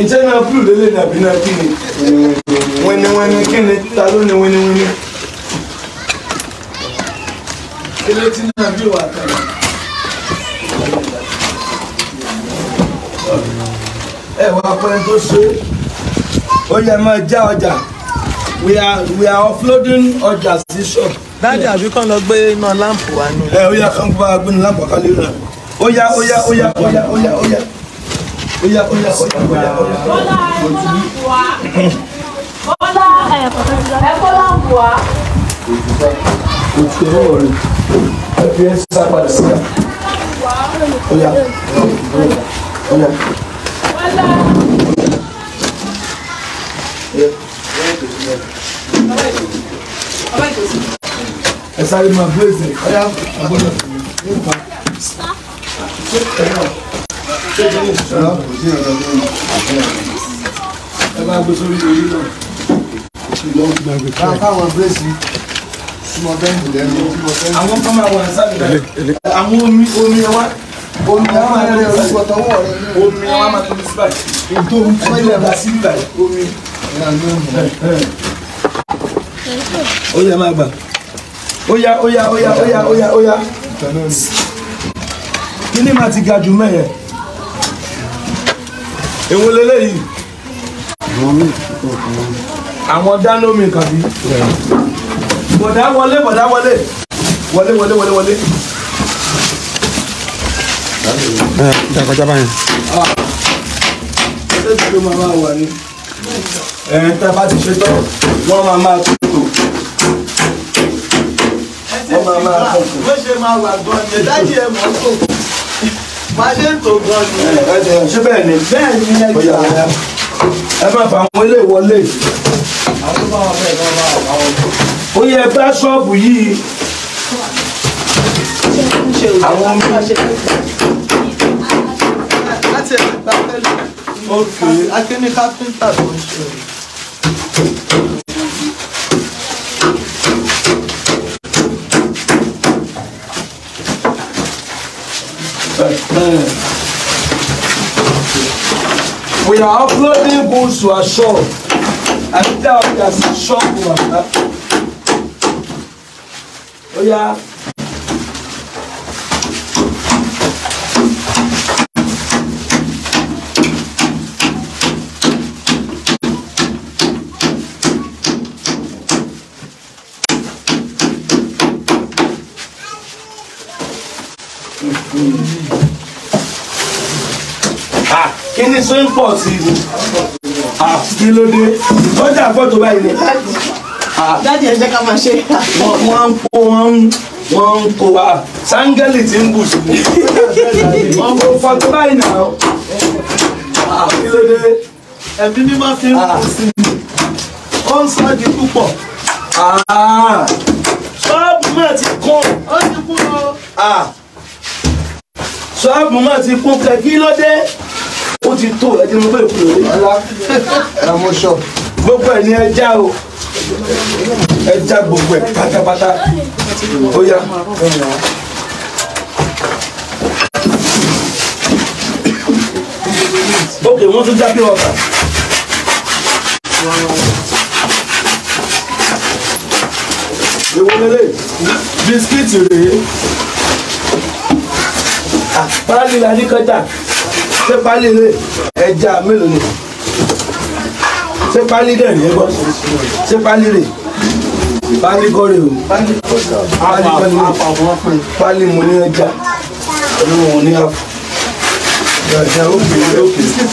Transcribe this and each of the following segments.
ǹjẹ́ náà blue lélẹ̀ dàbí náà kí ni wẹ́niwẹ́ni kí ni ta ló ní wẹ́niwẹ́ni. kílé tí náà bí wà tẹ̀lé. ẹ wá pẹ́ tó ṣe ó yẹ máa já ọjà we are we are offloading ọjà sí shop. dájú àbí kàn lọ gbé iná láǹpù wa nù. ẹ ó yá kàn bá gbé iná láǹpù wa kálí ó yá ó yá ó yá ó yá ó yá ó yá. Oya, oya, oya, oya, oya. Bọ́lá ẹ Bọ́lá Bùhá. Bọ́lá ẹ Bọ́lá Bùhá. Òtún ẹ wọ̀ rẹ̀. Ẹ fi ẹ sá padà sí ká. Oya, oya. Bọ́lá. Ẹ sáré máa a sẹ̀, ọ̀ya àbọ̀dọ̀. Stop. ẹ bá gbé sórí orí náà bá fáwọn bírèsì súnmọ́ bẹ́ẹ̀kì lẹ́nu àwọn kan máa wà ní sábẹ̀ àwọn omi omi ẹ wá omi ẹ máa rẹ orúkọ tọwọ́ rẹ omi ẹ wá máa tóbi síbà ètò ìfọ́ ilẹ̀ bá síbà omi ó yẹ máa gbà ó yá ó yá ó yá ó yá ó yá ó yá kíní máa ti ga jù mẹ́yẹn èwo leléyìí. àwọn míì kò fún wọn. àwọn dánlómi kàbí. bọ̀dá wọlé bọ̀dá wọlé wọlé wọlé wọlé wọlé. ẹ ẹ kọjá báyìí. Ah. ṣé tí o máa máa wà ní. ẹ ẹ tẹ bá ti ṣe tán wọ́n máa máa tó. Màdé tó gan ni. Ẹ jẹ ṣé bẹ́ẹ̀ ni? Bẹ́ẹ̀ ni ẹ jẹ. Ẹ máa fà àwọn ilé ìwọlé. Àwọn bá wọn bẹ́ẹ̀ náà máa bá wọn. Ó yẹ bá ṣọ́ọ̀bù yìí. Àwọn ọmọ láti ẹ̀sìn gbá pẹ̀lú. Ó kéré. Akéní kápẹ́ńtà tó ń ṣe. Uh, we are uploading books to our shop. And now there's a shop one. Oh yeah. Mm-hmm. kí ni ṣe ń pọ̀ sí i kí ló dé ọjà fọ́tò báyìí ni. dáàdi ẹ jẹ́ ká máa ṣe. wọ́n ń kó wọ́n ń wọ́n ń kó wa sáńgẹ́lì ti ń bù sí mi. wọ́n kó fọ́tò báyìí nà ó. kí ló dé. ẹ̀mí mi máa fi ń kú sí mi. ó ń sọ di púpọ̀. ṣọ́ọ̀bù náà ti kún. ó ti kún lọ. ṣọ́ọ̀bù náà ti kún kẹ́ kí ó ti tó ẹjẹ mo bẹ́ẹ̀ kúrò ní ọlá ramọṣọ gbogbo ẹ̀ ní ẹja o ẹja gbogbo ẹ̀ pátápátá ó yá. ókè wọ́n tún já pé ọkà. èwo lélẹ̀ bisikíìtì rèé àpárí ah, la ní kọjá se pali ilé ẹja mélòó ni se pali dẹ̀ ní ẹgbọ́n ṣé pali rè pali kọ́rè o pálí kọ́rè pálí mo ní ẹja ẹni mo ní àpò ẹja o kì í ó kì í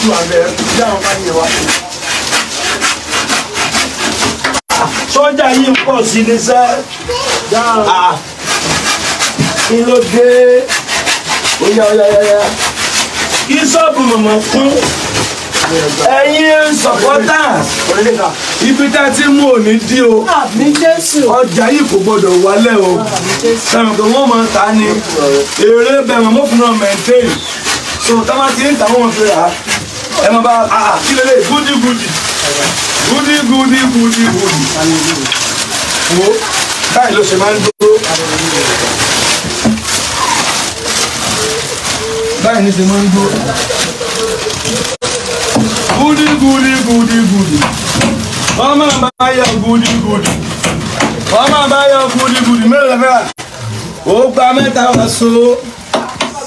sọ́jà yìí ń pọ̀ sí ni sẹ́ ah. kí ló dé ó yá ó ìsọ́ọ̀bù mọ̀mọ́ fún ẹ̀yin sọ̀pọ́tà ibi tá a ti mú òní dí o ọjà yìí kò gbọdọ̀ wálẹ̀ o sẹ́wọ̀n pé wọ́n máa ta ni èrè bẹ̀rẹ̀ mọ́ fún ọ maintain so táwọn ti ń ta wọn fi rà á ẹ máa bá a ah, ah, kí lélẹ̀ gúdí gúdí gúdí gúdí gúdí gúdí wo báyìí ló ṣe máa ń dúró báyìí ní ṣe máa ń gbó. gudi gudi. gúdí gúdí wọ́n máa bá yọ gúdí gúdí wọ́n máa bá yọ gúdí gúdí mélòó fẹ́ rà ó gba mẹ́ta wá so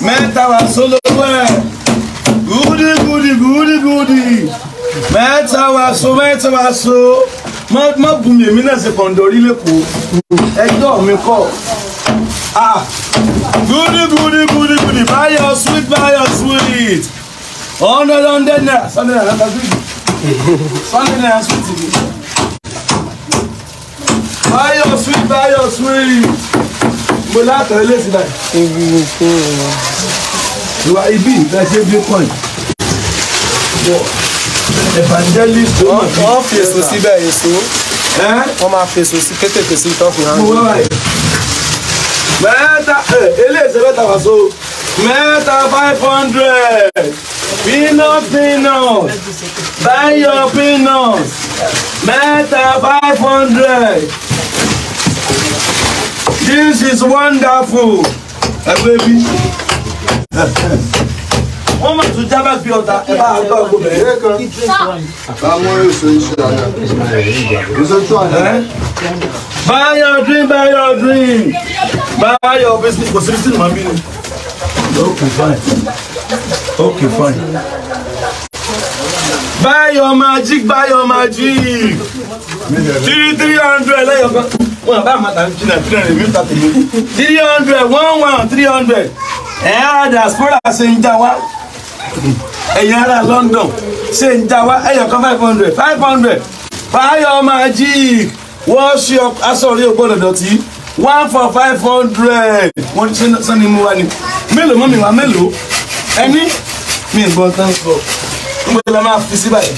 mẹ́ta wá so lówó ẹ̀ gúdí gúdí gúdí mẹ́ta wá so mẹ́ta wá so má bùnmi èmi náà ṣe kọ̀ǹdọ̀rí lẹ́kọ̀ọ́ ẹjọ́ mi kọ́. Ah, goody, goody, goody, goody. Buy your sweet, buy your sweet. Under hundred naira. Sunday night, that's sweet. Sunday naira, sweet. Buy your sweet, buy your sweet. Mo látọ̀ ilé sí báyìí. Ìwà ibi ìfẹ́ ṣe bí coin. Evangelist. Wọ́n fèsò síbẹ̀ èso. Wọ́n máa fèsò sí kétékèsí tọ́kùnrin. Mo wá báyìí mẹ́ta eh, eléyìí mẹ́ta wà so mẹ́ta five hundred peanut peanut buy your peanut mẹ́ta five hundred this is wonderful ẹgbẹ́ bí wọ́n máa tún jábá bí ọ̀tá ẹ bá àgbà ọkọ bẹ̀rẹ̀ kan. àwọn èso iṣẹ́ àná èso tó àná. buy your drink buy your drink báyọ̀ obviously kò sí bísí màá okay fine okay fine. Buy your magic buy your magic three three hundred lẹ́yọ̀kan your. bá máa tà ní kíni àbúrò rẹ̀ mi ta tèmi three hundred one one three hundred ẹ̀ á dà spora ṣe ń já wa ẹ̀yin ará London ṣe ń Eh, you come five hundred five hundred Buy your magic Wash your. I wọ́n ṣe aṣọ the ògbónàdọ̀tì one for five hundred wọ́n ṣe sani mu wa ni mélòó mọ́ mi wá mélòó ẹni mi gbọ́ tán gbọ́ n gbọ́dọ̀ máa fi sí báyìí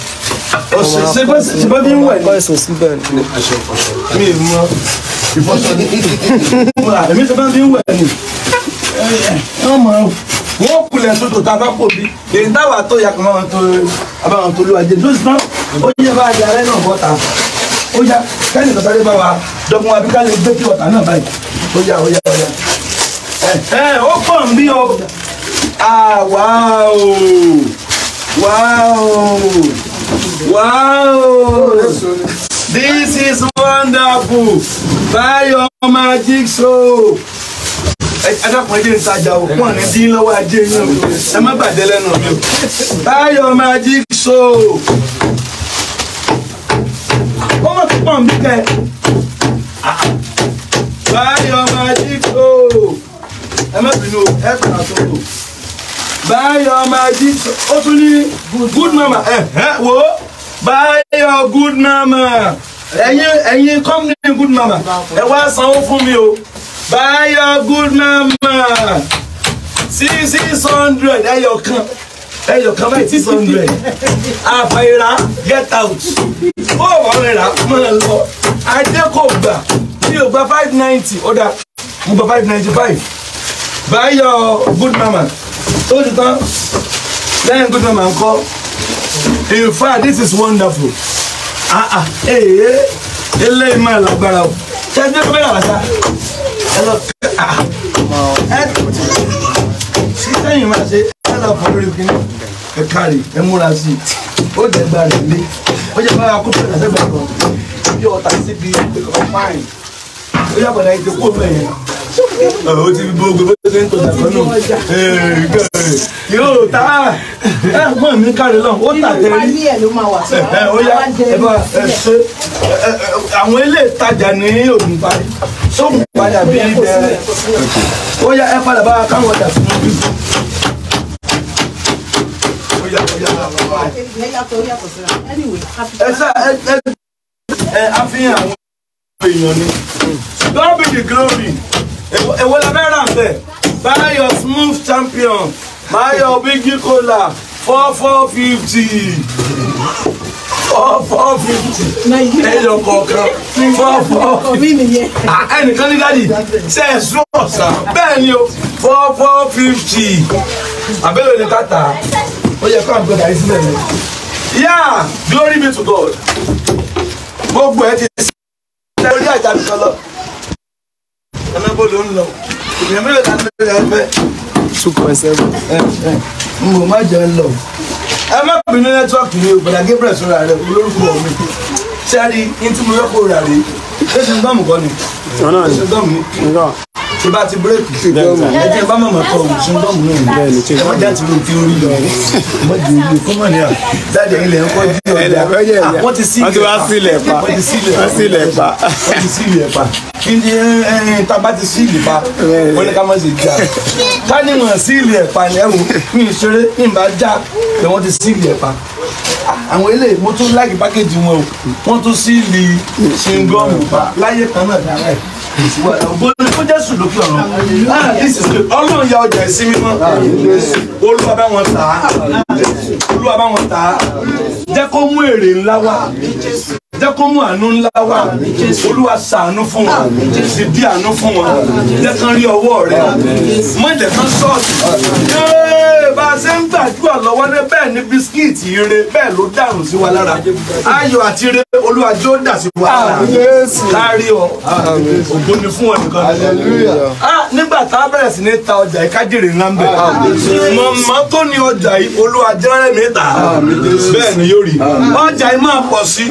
ọ̀sẹ̀ ṣe bá bí ń wẹ̀ ni mi mọ ìfọ̀sọ̀ ni èmi ṣe bá bí ń wẹ̀ ni ẹ ọmọ wọn kulẹ̀ sódò tá a bá pò bí èyí táwa tó yà kàn máa tó abáwọn tó lù àjẹ lóṣù náà ó yẹ bá a jẹ alẹ́ náà bọ́ta ó yá kẹ́ni kan sáré bá wa dọ́gbọ́n abí ká lè gbé kí ọ̀tá náà báyìí ó yá ó yá ó yá. ẹ ẹ ó pọ̀ bí o àwa o wá o wá o. This is wonderful. Buy your magic show. Ẹ dákun ẹjẹ́ ìtajà òkú ọ̀nà dín lọ́wọ́ ajé yín o. Ẹ má bàjẹ́ lẹ́nu mi o. Buy your magic show pọ̀ mí kẹ́ báyọ̀ máa jí tó ẹ má bínú ẹ kàrà tó tó báyọ̀ máa jí tó ó tún ní good mama ẹ ẹ wo báyọ̀ good mama ẹ̀yin ẹ̀yin company good mama ẹ wá sanwó fún mi o báyọ̀ good mama six six hundred ẹyọ kan. Hey, ẹyọ kan báyìí six Ah, fire! get out fóònù ọ̀rẹ́ra máa lọ adékògbà tí o gba five ninety ọ̀dà mo gba five ninety five your good mama tó ti tán lẹ́yìn good mama call. in fact this is wonderful ah ah Hey, ee eléyìí máa lágbára o ṣẹ́jú ẹgbẹ́ rà wáṣá ẹ lọ ah, ah. ẹ ṣí sẹ́yìn máa ṣe lálàfọ́ lórí kínní ẹ kárí ẹ múra sí i ó jẹ gba rẹ lé ó jẹ bá akótó ẹ̀ lẹ́gbẹ̀ẹ́ kan bí ọ̀tá síbi ọ̀páìn ó yàgbọ̀ náà ètò kó mẹ́yẹn. Ó ti bó gbogbo ṣe ń tọ́jà kan náà. Yóò tá ẹ̀gbọ́n mi kárí lọ, ó tà tẹ́rí. Ó yá ẹ bá ẹ ṣe àwọn ilé ìtajà ní òògùn parí. Sóògùn padà bí ibẹ̀ Ó yá ẹ padà bá káwọn ọjà tó ń ẹ àfihàn be the glory èwo la fẹ́ rà buy your smooth champion buy your big cola four four fifty four four fifty ẹyọ kọ̀ọ̀kan four four fifty ẹnìkan ní dáàdi ṣe é sún ọ̀sán bẹ́ẹ̀ ni o four four fifty àbẹ̀wò ni ká tà ó yẹ kó àwọn gbọdọ̀ yìí sílẹ̀ mi. yá glory be to God gbogbo ẹ ti ṣe orí àjà mi kan lọ ọ̀nà bó ló ń lọ ìgbìyànjú mélòó ta ni lórí ẹgbẹ́. two point seven ẹ ẹ n kò má jẹun lọ. ẹ má bínú nẹ́tíwọ́ọ̀kì mi ò gbọ́dọ̀ Gabriel sọ̀rọ̀ rẹ̀ olórúkọ mi sẹ́ẹ̀rì ní tí mo yọ kó rà rèé ṣé ṣe ń dọ́mù kọ́ ni ṣe ń dọ́mù ni tí bá ti bírèkì ẹjẹ bá mọ̀mọ́ kọ òṣùn bọ́ọ̀mù náà ní ẹ wọ́n já ti lu ti orí lọ wọ́n di orí kọ́mọ̀ ní à dáadé ilẹ̀ ń kọ́ bí ọ̀dà wọ́n ti sí ilẹ̀ pa wọ́n ti sí ilẹ̀ pa wọ́n ti sí ilẹ̀ pa wọ́n ti sí ilẹ̀ pa ní ẹ̀ẹ́n tá a ti sí ilẹ̀ pa wọ́n ní ká má ṣe jà ká ní wọ́n sí ilẹ̀ pa ni ẹ̀wò mi ìṣeré mi bá já pé wọ́n ti sí ilẹ̀ pa àwọn eléyìí mo tún láàgì pákéjì wọn o wọ́n tún sí ilẹ̀ ṣingọ́ọ̀mù pa láyé kan náà dára ẹ̀ bó jésù ló pè ọ̀rọ̀ ọlọ́run ya ọjà ẹ̀sìn mímọ́ olúwa bá wọn tà á olúwa bá wọn tà á jẹ́ kó mú èrè ńlá wá jẹ́ kó mú àánú ńlá wá olúwa ṣàánú fún wọn sì bí àánú fún wọn jẹ́ kán rí ọwọ́ rẹ má jẹ́ kán ṣọ́ọ̀tì bá a ṣe ń gbàdúrà lọ́wọ́ ní bẹ́ẹ̀ ni bisikíìtì ire bẹ́ẹ̀ ló dànù sí wa lára ayọ̀ àti ire olúwa jó dà sí wa lára láàárín ọ ògbó ni fún ọ nìkan nígbà tá a bẹ̀rẹ̀ sí ní ta ọjà yìí kájèrè ńlá ń bẹ̀ mọ̀mọ́ tó ní ọjà yìí olúwa jẹ́rẹ́ mi ta bẹ́ẹ̀ ni yóò rí ọjà yìí máa pọ̀ sí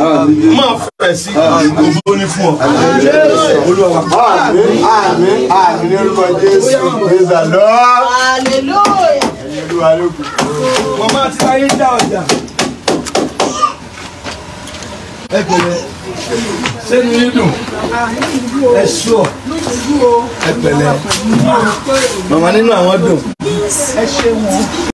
mọ máa fẹ̀ sí ògbó ah, ah, ní fún ọ. olúwa wa. àmín àmín àmín lórúkọ jésù ìgbésà lọ. olúwa ló kù. màmá àti ayé dá ọjà. ẹ bẹ̀rẹ̀ sẹ́nu yín dùn ẹ sọ ẹ pẹ̀lẹ́ màmá nínú àwọn dùn. ẹ ṣe wọn.